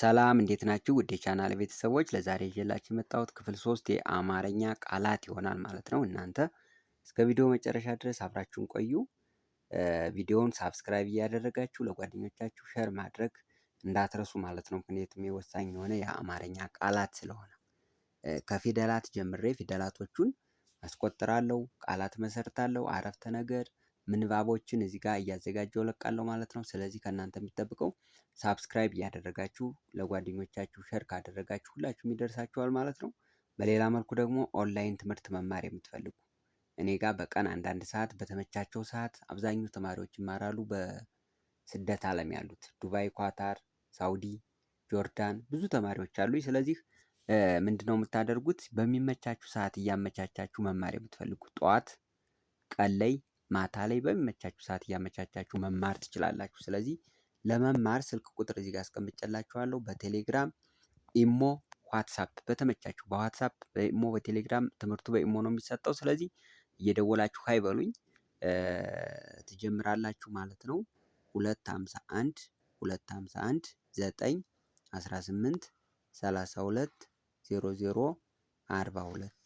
ሰላም እንዴት ናችሁ? ውድ የቻናል ቤተሰቦች ለዛሬ ይዤላችሁ የመጣሁት ክፍል ሶስት የአማርኛ ቃላት ይሆናል ማለት ነው። እናንተ እስከ ቪዲዮ መጨረሻ ድረስ አብራችሁን ቆዩ። ቪዲዮውን ሳብስክራይብ እያደረጋችሁ ለጓደኞቻችሁ ሸር ማድረግ እንዳትረሱ ማለት ነው። ምክንያቱም ወሳኝ የሆነ የአማርኛ ቃላት ስለሆነ ከፊደላት ጀምሬ ፊደላቶቹን አስቆጥራለሁ፣ ቃላት መሰርታለሁ፣ አረፍተ ነገር ምንባቦችን እዚህ ጋር እያዘጋጀው ለቃለሁ ማለት ነው። ስለዚህ ከእናንተ የሚጠብቀው ሳብስክራይብ እያደረጋችሁ ለጓደኞቻችሁ ሸር ካደረጋችሁ ሁላችሁም ይደርሳችኋል ማለት ነው። በሌላ መልኩ ደግሞ ኦንላይን ትምህርት መማር የምትፈልጉ እኔ ጋር በቀን አንዳንድ ሰዓት በተመቻቸው ሰዓት አብዛኛው ተማሪዎች ይማራሉ። በስደት ዓለም ያሉት ዱባይ፣ ኳታር፣ ሳውዲ፣ ጆርዳን ብዙ ተማሪዎች አሉ። ስለዚህ ምንድነው የምታደርጉት? በሚመቻችሁ ሰዓት እያመቻቻችሁ መማር የምትፈልጉ ጠዋት፣ ቀን ላይ ማታ ላይ በሚመቻችሁ ሰዓት እያመቻቻችሁ መማር ትችላላችሁ። ስለዚህ ለመማር ስልክ ቁጥር እዚህ ጋር አስቀምጬላችኋለሁ። በቴሌግራም ኢሞ፣ ዋትሳፕ በተመቻችሁ በዋትሳፕ በኢሞ፣ በቴሌግራም ትምህርቱ በኢሞ ነው የሚሰጠው። ስለዚህ እየደወላችሁ ሀይበሉኝ ትጀምራላችሁ ማለት ነው። ሁለት ሀምሳ አንድ ሁለት ሀምሳ አንድ ዘጠኝ አስራ ስምንት ሰላሳ ሁለት ዜሮ ዜሮ አርባ ሁለት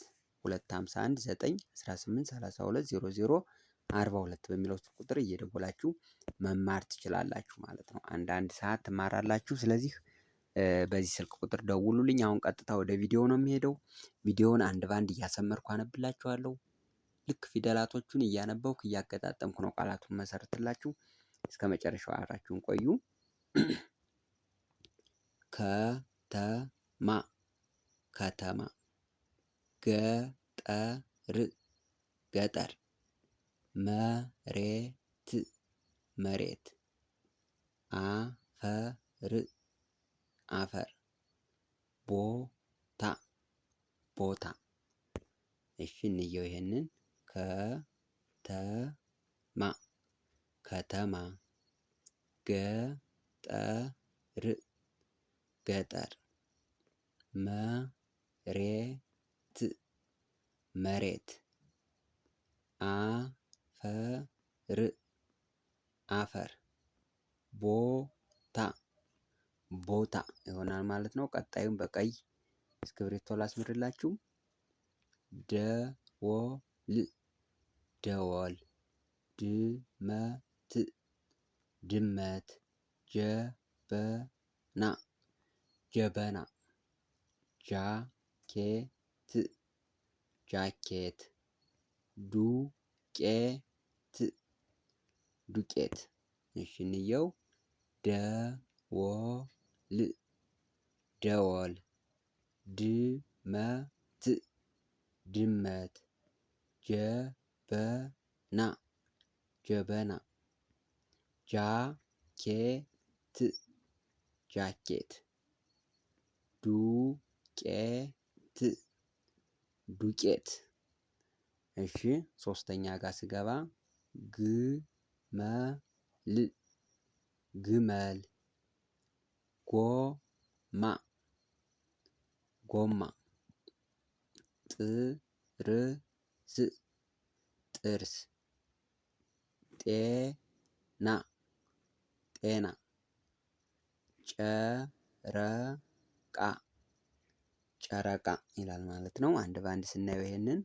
ሁለት ሀምሳ አንድ ዘጠኝ አስራ ስምንት ሰላሳ ሁለት ዜሮ ዜሮ አርባ ሁለት በሚለው ስልክ ቁጥር እየደወላችሁ መማር ትችላላችሁ ማለት ነው። አንዳንድ ሰዓት ትማራላችሁ። ስለዚህ በዚህ ስልክ ቁጥር ደውሉልኝ። አሁን ቀጥታ ወደ ቪዲዮ ነው የሚሄደው ቪዲዮውን አንድ በአንድ እያሰመርኩ አነብላችኋለሁ። ልክ ፊደላቶቹን እያነበብኩ እያገጣጠምኩ ነው ቃላቱን መሰርትላችሁ። እስከ መጨረሻው አብራችሁን ቆዩ። ከተማ ከተማ ገጠር ገጠር መሬት መሬት አፈር አፈር ቦታ ቦታ እሺ እንየው ይሄንን ከተማ ከተማ ገጠር ገጠር መሬት መሬት አ አፈር አፈር ቦታ ቦታ ይሆናል ማለት ነው። ቀጣዩን በቀይ እስክሪብቶ ላስምርላችሁ። ደወል ደወል ድመት ድመት ጀበና ጀበና ጃኬት ጃኬት ዱቄ ዱቄት እሺ እንየው። ደወል ደወል ድመት ድመት ጀበና ጀበና ጃኬት ጃኬት ዱቄት ዱቄት እሺ ሶስተኛ ጋር ስገባ ግመል ግመል ጎማ ጎማ ጥርዝ ጥርስ ጤና ጤና ጨረቃ ጨረቃ ይላል ማለት ነው። አንድ በአንድ ስናየው ይሄንን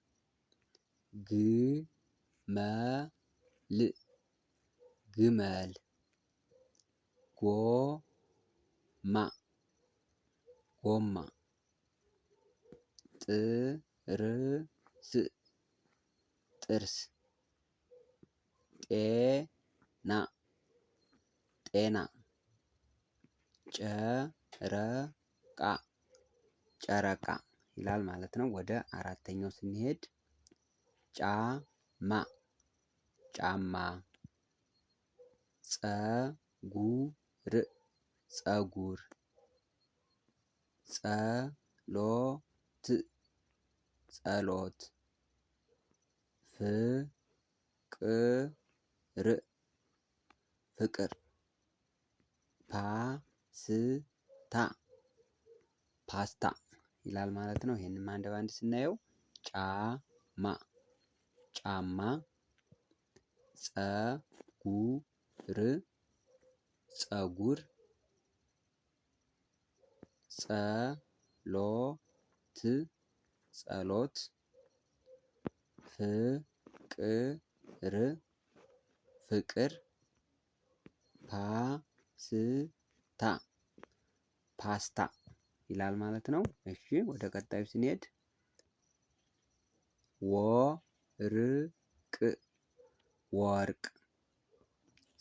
ግመል ል ግመል ጎማ ጎማ ጥርስ ጥርስ ጤና ጤና ጨረቃ ጨረቃ ይላል ማለት ነው። ወደ አራተኛው ስንሄድ ጫማ ጫማ ፀጉር ፀጉር ጸሎት ጸሎት ፍቅር ፍቅር ፓስታ ፓስታ ይላል ማለት ነው። ይህንም አንድ በአንድ ስናየው ጫማ ጫማ ፀጉር ፀጉር ጸሎት ጸሎት ፍቅር ፍቅር ፓስታ ፓስታ ይላል ማለት ነው። እሺ ወደ ቀጣዩ ስንሄድ ወር ወርቅ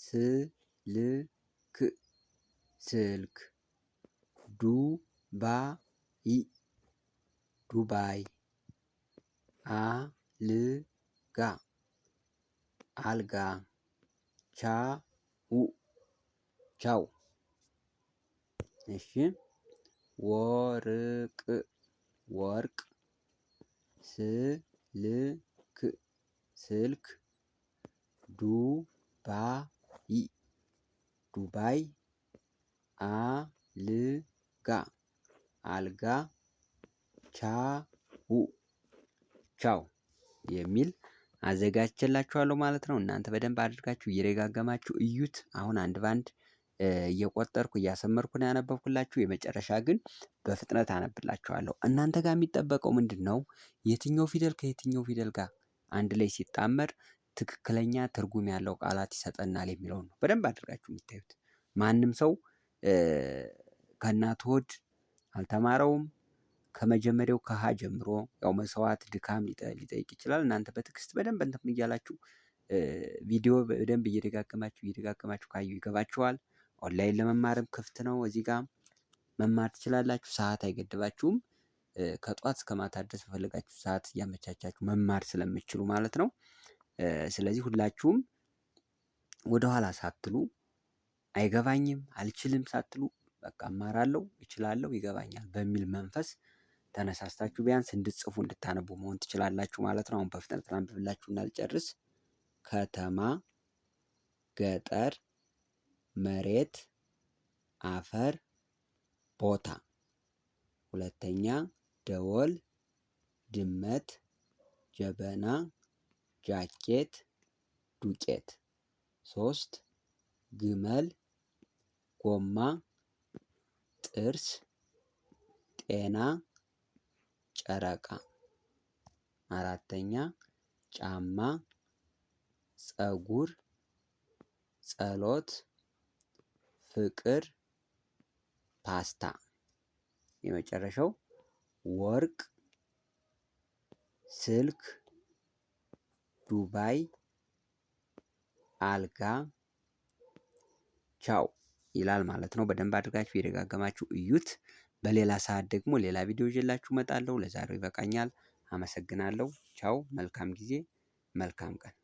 ስልክ ስልክ ዱባይ ዱባይ አልጋ አልጋ ቻው ቻው እሺ ወርቅ ወርቅ ስልክ ስልክ ዱባይ ዱባይ አልጋ አልጋ ቻው ቻው የሚል አዘጋጅቼላችኋለሁ ማለት ነው። እናንተ በደንብ አድርጋችሁ እየደጋገማችሁ እዩት። አሁን አንድ ባንድ እየቆጠርኩ እያሰመርኩ ነው ያነበብኩላችሁ። የመጨረሻ ግን በፍጥነት አነብላችኋለሁ። እናንተ ጋር የሚጠበቀው ምንድን ነው? የትኛው ፊደል ከየትኛው ፊደል ጋር አንድ ላይ ሲጣመር ትክክለኛ ትርጉም ያለው ቃላት ይሰጠናል የሚለውን ነው በደንብ አድርጋችሁ የምታዩት። ማንም ሰው ከእናቱ ሆድ አልተማረውም። ከመጀመሪያው ከሀ ጀምሮ ያው መስዋዕት፣ ድካም ሊጠይቅ ይችላል። እናንተ በትዕግስት በደንብ እንትም እያላችሁ ቪዲዮ በደንብ እየደጋገማችሁ እየደጋገማችሁ ካዩ ይገባችኋል። ኦንላይን ለመማርም ክፍት ነው። እዚህ ጋር መማር ትችላላችሁ። ሰዓት አይገድባችሁም። ከጧት እስከ ማታ ድረስ በፈለጋችሁ ሰዓት እያመቻቻችሁ መማር ስለምችሉ ማለት ነው። ስለዚህ ሁላችሁም ወደኋላ ሳትሉ አይገባኝም አልችልም ሳትሉ በቃ እማራለሁ እችላለሁ ይገባኛል በሚል መንፈስ ተነሳስታችሁ ቢያንስ እንድትጽፉ እንድታነቡ መሆን ትችላላችሁ ማለት ነው። አሁን በፍጥነት ላንብብላችሁና እናልጨርስ። ከተማ፣ ገጠር፣ መሬት፣ አፈር፣ ቦታ። ሁለተኛ ደወል፣ ድመት፣ ጀበና፣ ጃኬት ዱቄት ሶስት ግመል ጎማ ጥርስ ጤና ጨረቃ አራተኛ ጫማ ፀጉር ጸሎት ፍቅር ፓስታ የመጨረሻው ወርቅ ስልክ ዱባይ አልጋ ቻው ይላል ማለት ነው። በደንብ አድርጋችሁ የደጋገማችሁ እዩት። በሌላ ሰዓት ደግሞ ሌላ ቪዲዮ ይዤላችሁ እመጣለሁ። ለዛሬው ይበቃኛል። አመሰግናለሁ። ቻው። መልካም ጊዜ፣ መልካም ቀን